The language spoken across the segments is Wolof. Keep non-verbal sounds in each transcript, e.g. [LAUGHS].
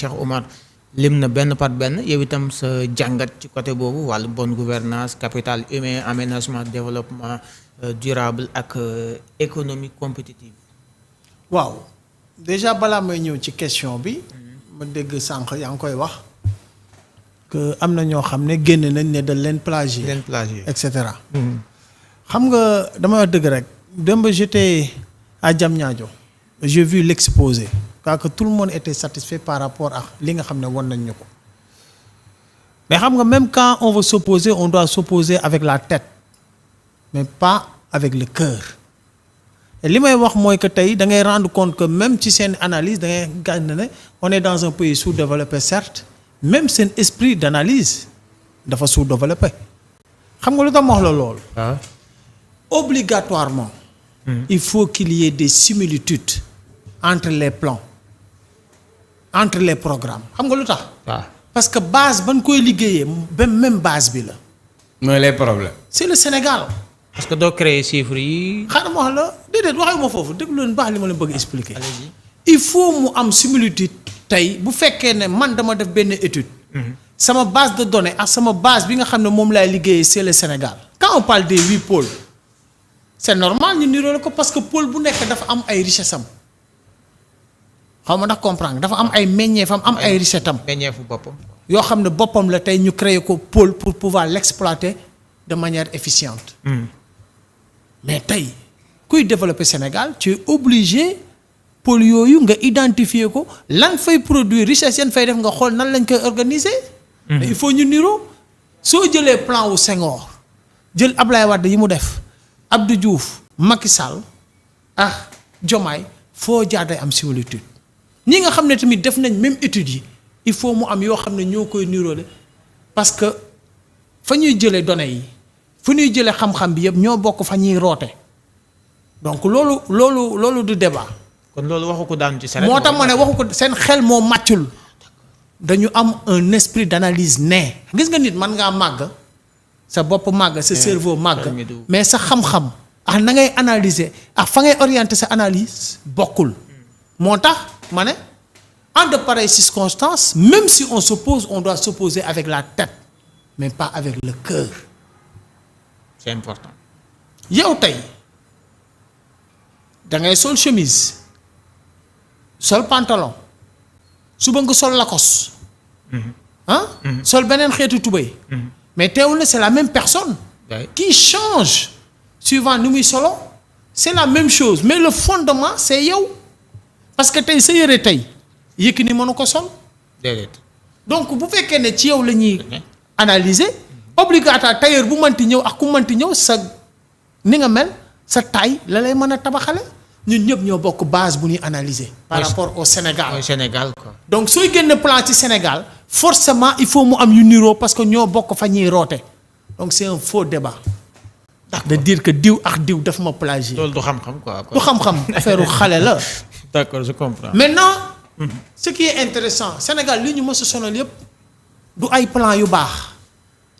Cheikh Oumar lim na benn par benn yow itam sa jàngat ci côté boobu walla bon gouvernance capital humain aménagement développement euh, durable ak euh, économie compétitive waaw déjà balaa may ñëw ci question bi ma dégg sànq yaa ngi koy wax que am na ñoo xam ne génn nañ ne dañ leen plagier leen plagier et cetera mm-hmm. xam nga damay wax dëgg rek démb j'étais à Diamniadio j'ai vu l'exposé parce que tout le monde était satisfait par rapport à li nga xam ne won nañ ñu ko mais xam nga même quand on veut s'opposer on doit s'opposer avec la tête mais pas avec le cœur li may wax mooy que tey da ngay rendre compte que même ci seen analyse da ngay gàñ ne on dans un pays sous-développé certes même seen esprit d'analyse dafa sous-développé xam nga lu tax wax la loolu ah. obligatoirement hmm. il faut qu'il y des similitudes entre les plans entre les programme xam nga lu tax. waaw ah. parce que base ban koy liggéeyee même base bi la. mooy les problème c'est le Sénégal. parce que doo créer chiffres yi. xaaral ma wax la déedéet waxee ma foofu déglu leen baax li ma leen bëgg expliquer. il faut mu am similitude. tey bu fekkee ne man dama def benn étude. Mhm. sama base de données ak sama base bi nga xam ne moom laay liggéeyee c'est le Sénégal. quand on parle des huit c'est normal ñu niroo la ko parce que pôle bu nekk dafa am ay richesse am. xaw ma ndax comprendre dafa am ay meññeefam am ay recette am. meññeefu boppam. yoo xam ne boppam la tey ñu créer ko pôle pour pouvoir l'exploiter de manière efficiente. Hmm. mais tey kuy développer Sénégal ci es obligé pôle yooyu nga identifier ko lan fay produit richesse yan fay def nga xool nan lañ koy organiser. Hmm. il faut ñu niroo soo jëlee plan wu Senghor jël Ablaye Wade yi mu def Abdou Diouf Macky Sall ah Diomaye foo jaar am similitude. ñi nga xam ne tamit def nañ même étude yi il faut mu am yoo xam ne ñoo koy niroole parce que fa ñuy jëlee données yi fu ñuy jëlee xam-xam bi yëpp ñoo bokk fa ñuy roote donc loolu loolu loolu du débat. kon loolu waxu ko daanu ci seen. moo tax ma ne waxu ko seen xel moo màccul dañu am un esprit d'analyse ne. gis nga nit mën ngaa màgg sa bopp màgg sa eh, cerveau màgg mais sa xam-xam. ah na ngay analyser ah fa ngay orienter sa analyse bokkul moo tax. ma ne en de pareilles circonstances même si on s'oppose on doit s'opposer avec la tête mais pas avec le cœur c'est important yow tey dangay sol chemise sol pantalon suba nga sol Lacoste ah sol beneen xeetu tubéy mm-hmm. mais teewul na c'est la même personne qui change suivant ni muy solo c'est la même chose mais le fondement c'est yow parce que tey sa yére tey Yékini mënu ko sol. donc bu fekkee ne ci yow la ñuy analyser obligatoire tailleur bu mënti ñëw ak ku mënti ñëw sa ni nga mel sa taille la lay mën a tabaxale ñun ñëpp ñoo bokk base bu ñuy analyser. par rapport au Sénégal au donc sooy génn plan ci Sénégal forcément il faut mu am yu niroo parce que ñoo bokk fa ñuy roote donc c'est foo faux débat. ndax de diir que diw ak diw daf ma plagier. loolu du xam-xam quoi. du xam-xam affaire xale la. [LAUGHS] d'accord je comprends. maintenant. Mm -hmm. ce qui est intéressant Sénégal li ñu mës a sonal yëpp du ay plan yu baax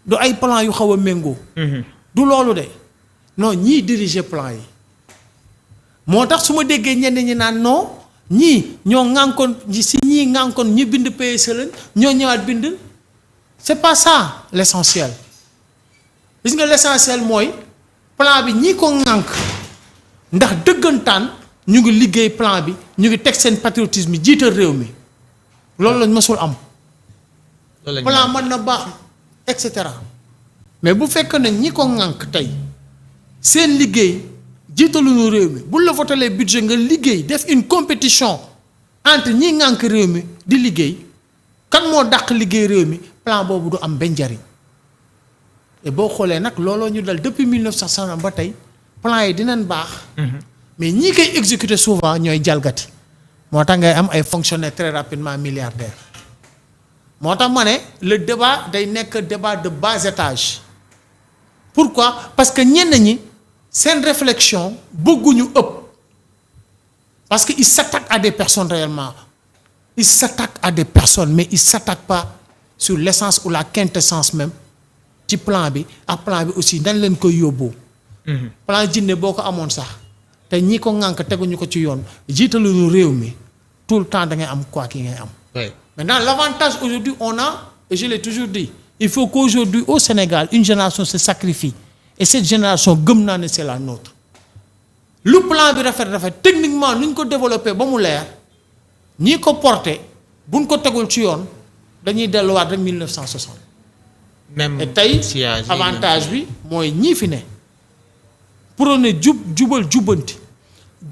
du ay plan yu xaw a méngoo. Mhm. du loolu de no ñii diriger plan yi moo tax su ma déggee ñenn ñi naan non ñii ñoo ŋànkoon si ñii ŋànkoon ñi bind PSE lañ ñoo ñëwaat bind c'est pas ça l'essentiel gis nga l'essentiel mooy plan bi ñii ko ŋànk ndax dëggantaan. ñu ngi liggéey plan bi ñu ngi teg seen patriotisme jiital réew mi loolu lañ mësul am. plan mën na baax et cetera. mais bu fekk nañ ñi ko ŋànk tey seen liggéey jiitaluñu réew mi bul la votalee budget nga liggéey def une compétition entre ñi ŋànk réew mi di liggéey kan moo dàq liggéey réew mi plan boobu du am benn njariñ te boo xoolee nag looloo ñu dal depuis 1960 ba tey plan yi dinañ baax. Mhm. mais ñii koy exécuter souvent ñooy jalgati moo tax ngay am ay fonctionnaires très rapidement milliardaires moo tax ma ne le débat day nekk débat de bas étage pourquoi parce que ñenn ñi seen réflexion bëgguñu ëpp parce que ils s'attaquent à des personnes réellement ils s'attaquent à des personne mais ils s'attaquent pas sur l'essence ou la quintessence même ci plan bi ak plan bi aussi dañ leen koy yóbboo mhm. plan jinne boo ko amoon sax tey ñii ko ŋànk teguñu ko ci yoon jiitaluñu réew mi tout le temps da ngay am quoi ki ngay am. maintenant l'avantage aujourd'hui on a et toujours dit il faut qu'aujourd'hui au Sénégal une génération se sacrifie et cette génération gëm naa ne c'est la nôtre lu plan bi rafet rafet techniquement nu ko développé ba mu leer ñii ko porté buñ ko tegul ci yoon dañuy delluwaat rek 1960. même et tey avantage bi mooy ñii fi ne. prôné jub jubal jubbanti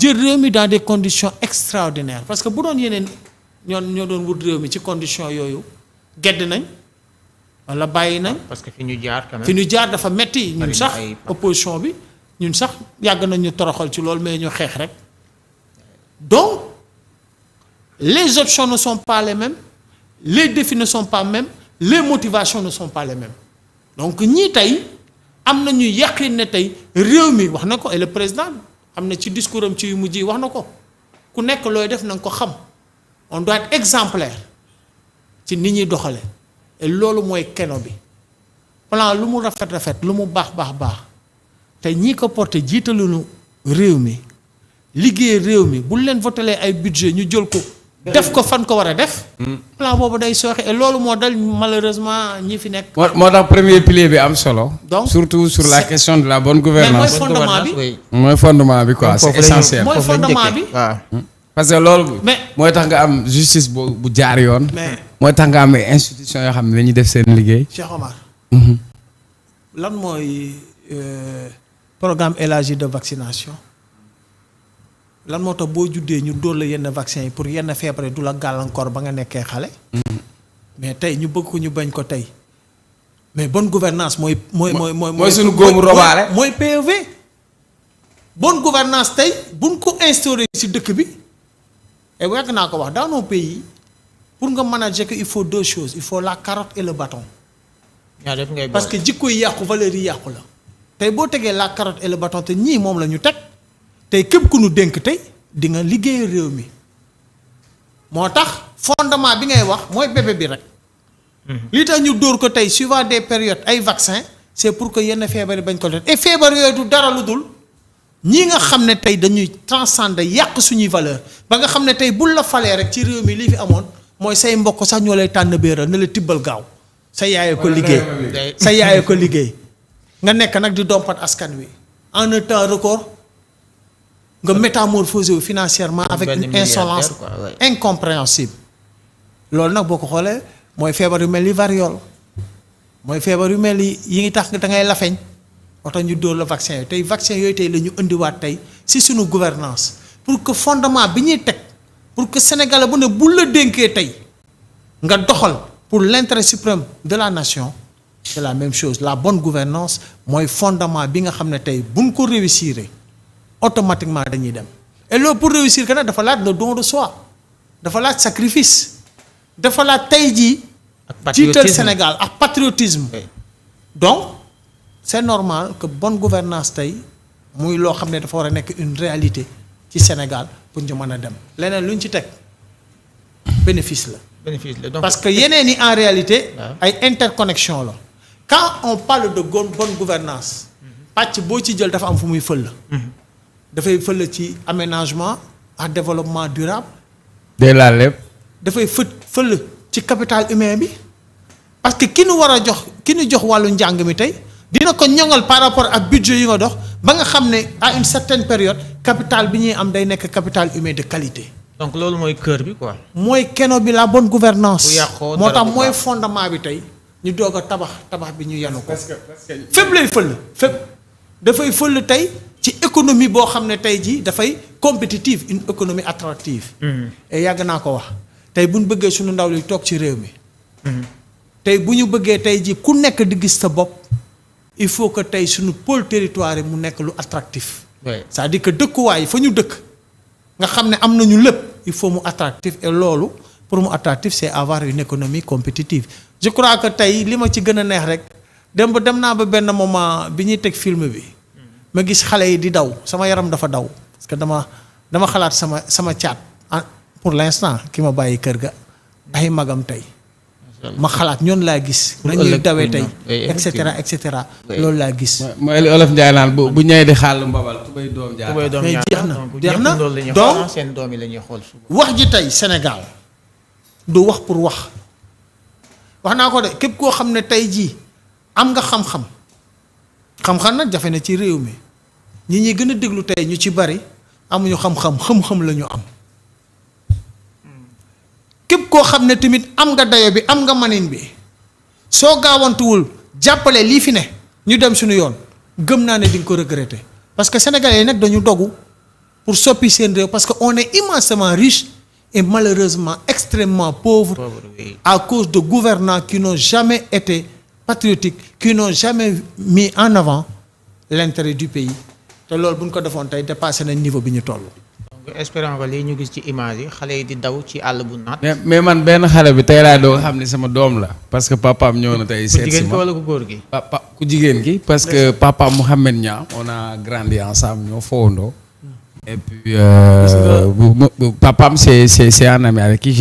jël réew mi dans des conditions extraordinaires parce que bu doon yeneen ñoon ñoo doon wut réew mi ci conditions yooyu gedd nañ wala bàyyi nañ. parce que fi ñu jaar quand ñu jaar dafa metti ñun sax opposition bi ñun sax yàgg nañ ñu toroxal ci loolu mais ñu xeex rek donc les options ne sompale pas les mêmes les défis ne les motivations ne sont pas donc ñii tey. am na nañu yàqin ne tey réew mi wax na ko et le président am na ci discours am ci yu mujj yi wax na ko ku nekk looy def na ko xam on doit être exemplaire ci nit ñuy doxale loolu mooy keno bi plan lu mu rafet rafet lu mu baax baax baax te ñii ko porté jiitaluñu réew mi liggéey réew mi bu leen votalee ay budget ñu jël ko. def ko fan ko war a def. plan boobu day sooxe loolu moo dal malheureusement ñi fi nekk. moo moo tax premier pilier bi am solo. donc surtout sur la question de la bonne gouvernance mooy fondement bi mooy fondement bi quoi c'est essentiel. mooy fondement bi waaw. Ah. Hmm. parce que loolu. mais mooy tax nga am justice bu bu jaar yoon. mooy tax nga am institution yoo xam ne dañuy def seen liggéey. Cheikh Omar. Hmm. lan mooy euh, programme élargi de vaccination. lan moo tax boo juddee ñu dóor la yenn vaccin yi pour yenn feebar yi du la gàllankoor ba nga nekkee xale. Mm-hmm. mais tey ñu bëgg ko ñu bañ ko tey mais bon gouvernance mooy. mooy mooy mooy mooy suñu góomu robaale mooy PEV. bonne gouvernance tey buñ ko instauré ci dëkk bi et naa ko wax dans pour nga manager que il faut deux choses il faut la carotte et le bâton. parce que jikko yàqu valeur yi yàqu la. tey boo tegee la carotte et le te ñii moom la ñu teg. tey képp ku nu dénk tey di nga liggéey réew mi moo tax fondement bi ngay wax mooy bébé bi rek. Mhm. li tax ñu dóor ko tey suivant des périodes ay vaccin c'est pour que yenn feebar yi bañ ko def et feebar yooyu du dara lu ñi nga xam ne tey dañuy transcender yàq suñuy valeur ba nga xam ne tey bul la falee rek ci réew mi lii fi amoon mooy say mbokk sax ñoo lay tànn béeral na la tibbal gaaw sa yaayee ko liggéey sa yaayee ko liggéey nga nekk nag di dompat askan wi en un temps nga métamorphosé wu financièrement avec une insolence incompréhensible loolu nag boo ko xoolee mooy feebar yu mel ni variole mooy feebar yu mel ni yi ngi tax da ngay lafeñ oto ñu dóor la vaccin yooyu tey vaccin yooyu tey la ñu indiwaat tey si suñu gouvernance pour que fondement bi ñuy teg pour que sénégalais bu ne bu la dénkee tey nga doxal pour l'intérêt suprême de la nation c'est la même chose la bonne gouvernance mooy fondement bi nga xam ne tey buñ ko réussir automatiquement dañuy dem et pour réussir que nag dafa laaj le don de soi dafa laaj sacrifice dafa laat tey jii. ak jiital Sénégal ak patriotisme. donc c'est normal que bon gouvernance tey muy loo xam ne dafa war a nekk une réalité ci Sénégal pour ñu mën a dem leneen lu ñu ci teg bénéfice la. bénéfice la parce que yeneen yi en réalité. ay interconnexion la. quand on parle de bonne gouvernance mm-hmm. pàcc boo ci jël dafa am fu muy fël la. Mm-hmm. dafay fële ci aménagement ak développement durable. day laal lépp. dafay fë fël ci capital humain bi parce que ki nu war a jox ki nu jox wàllu njàng mi tey dina ko ñoŋal par rapport ak budget yi nga dox ba nga xam ne à une certaine période capital bi ñuy am day nekk capital humain de qualité. donc loolu mooy cœur bi quoi. mooy keno bi la bonne gouvernance moo tax mooy fondement bi tey ñu doog a tabax tabax bi ñu yanu ko. parce lay fël fépp dafay fël tey. économie boo xam ne tey jii dafay compétitive une économie attractive. Hmm. et yàgg naa ko wax tey bu ñu bëggee suñu ndaw li toog ci réew mi. Hmm. tey bu ñu bëggee tey jii ku nekk di gis sa bopp il faut que tey suñu pôle territoire mu nekk lu attractif. cest di que dëkkuwaay fa ñu dëkk nga xam ne am nañu lépp il faut mu attractif loolu pour mu attractif c'est avoir une économie compétitive je crois que tey li ma ci gën a neex rek dem ba dem naa ba benn moment bi ñuy teg film bi. ma gis xale yi di daw sama yaram dafa daw parce que dama dama xalaat sama sama caat ah, pour l'instant ki ma bàyyi kër ga ay magam tey ma xalaat ñoon laa gis nañuy dawee tey et cetera et cetera loolu laa gis mooy li olof Njaay naan bu bu ñëwee di xàll mbabal tubay doom jaar mais jeex na jeex na donc seen doom yi la ñuy xool wax ji tey Sénégal du wax pour wax wax naa ko de képp koo xam ne tey jii am nga xam-xam xam-xam nag jafe na ci réew mi ñi ñuy gën a déglu tey ñu ci bari amuñu xam-xam xam-xam la ñu am képp koo xam ne tamit am nga dayo bi am nga manin bi soo gaawantuwul jàppale lii fi ne ñu dem suñu yoon gëm naa ne di nga ko regretter parce que sénégalais yi nag dañu dogu pour soppi seen réew parce que on est immensément riche et malheureusement extrêmement pauvre à cause de gouvernants qui n'ont jamais été patriotiques qui n'ont jamais mis en avant l'intérêt du pays te loolu bu ñu ko defoon tey dépassé nañ niveau bi ñu toll. donc espérant que ñu gis ci image yi xale yi di daw ci àll mais mais man benn xale bi tey laa doo xam ne sama doom la. parce que papaam ñëw na tey. seet si ma ku jigéen ki wala ku góor gi. papa ku jigéen ki parce que papaam Mouhamed Niang on a grandi ensemble ñoo fowandoo. Hmm. et puis euh, papaam c'est c'est c'est un ami avec qui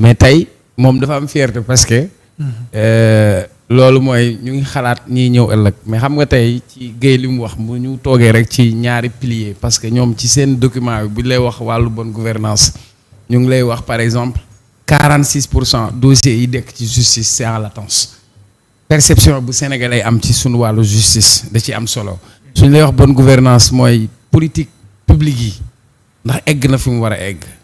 mais tey moom dafa am fierté parce hmm. euh, loolu mooy ñu ngi xalaat ñiy ñëw ëllëg mais xam nga tey ci géey li mu wax mu ñu toogee rek ci ñaari pilier parce que ñoom ci seen document buñ lay wax wàllu bonne gouvernance ñu ngi lay wax par exemple 46 pour cent dossiers yi dekk ci justice c'est en latence perception bu sénégalais am ci suñu wàllu justice da ci am solo suñ lay wax bonne gouvernance mooy politique publique yi ndax egg na fi mu war a egg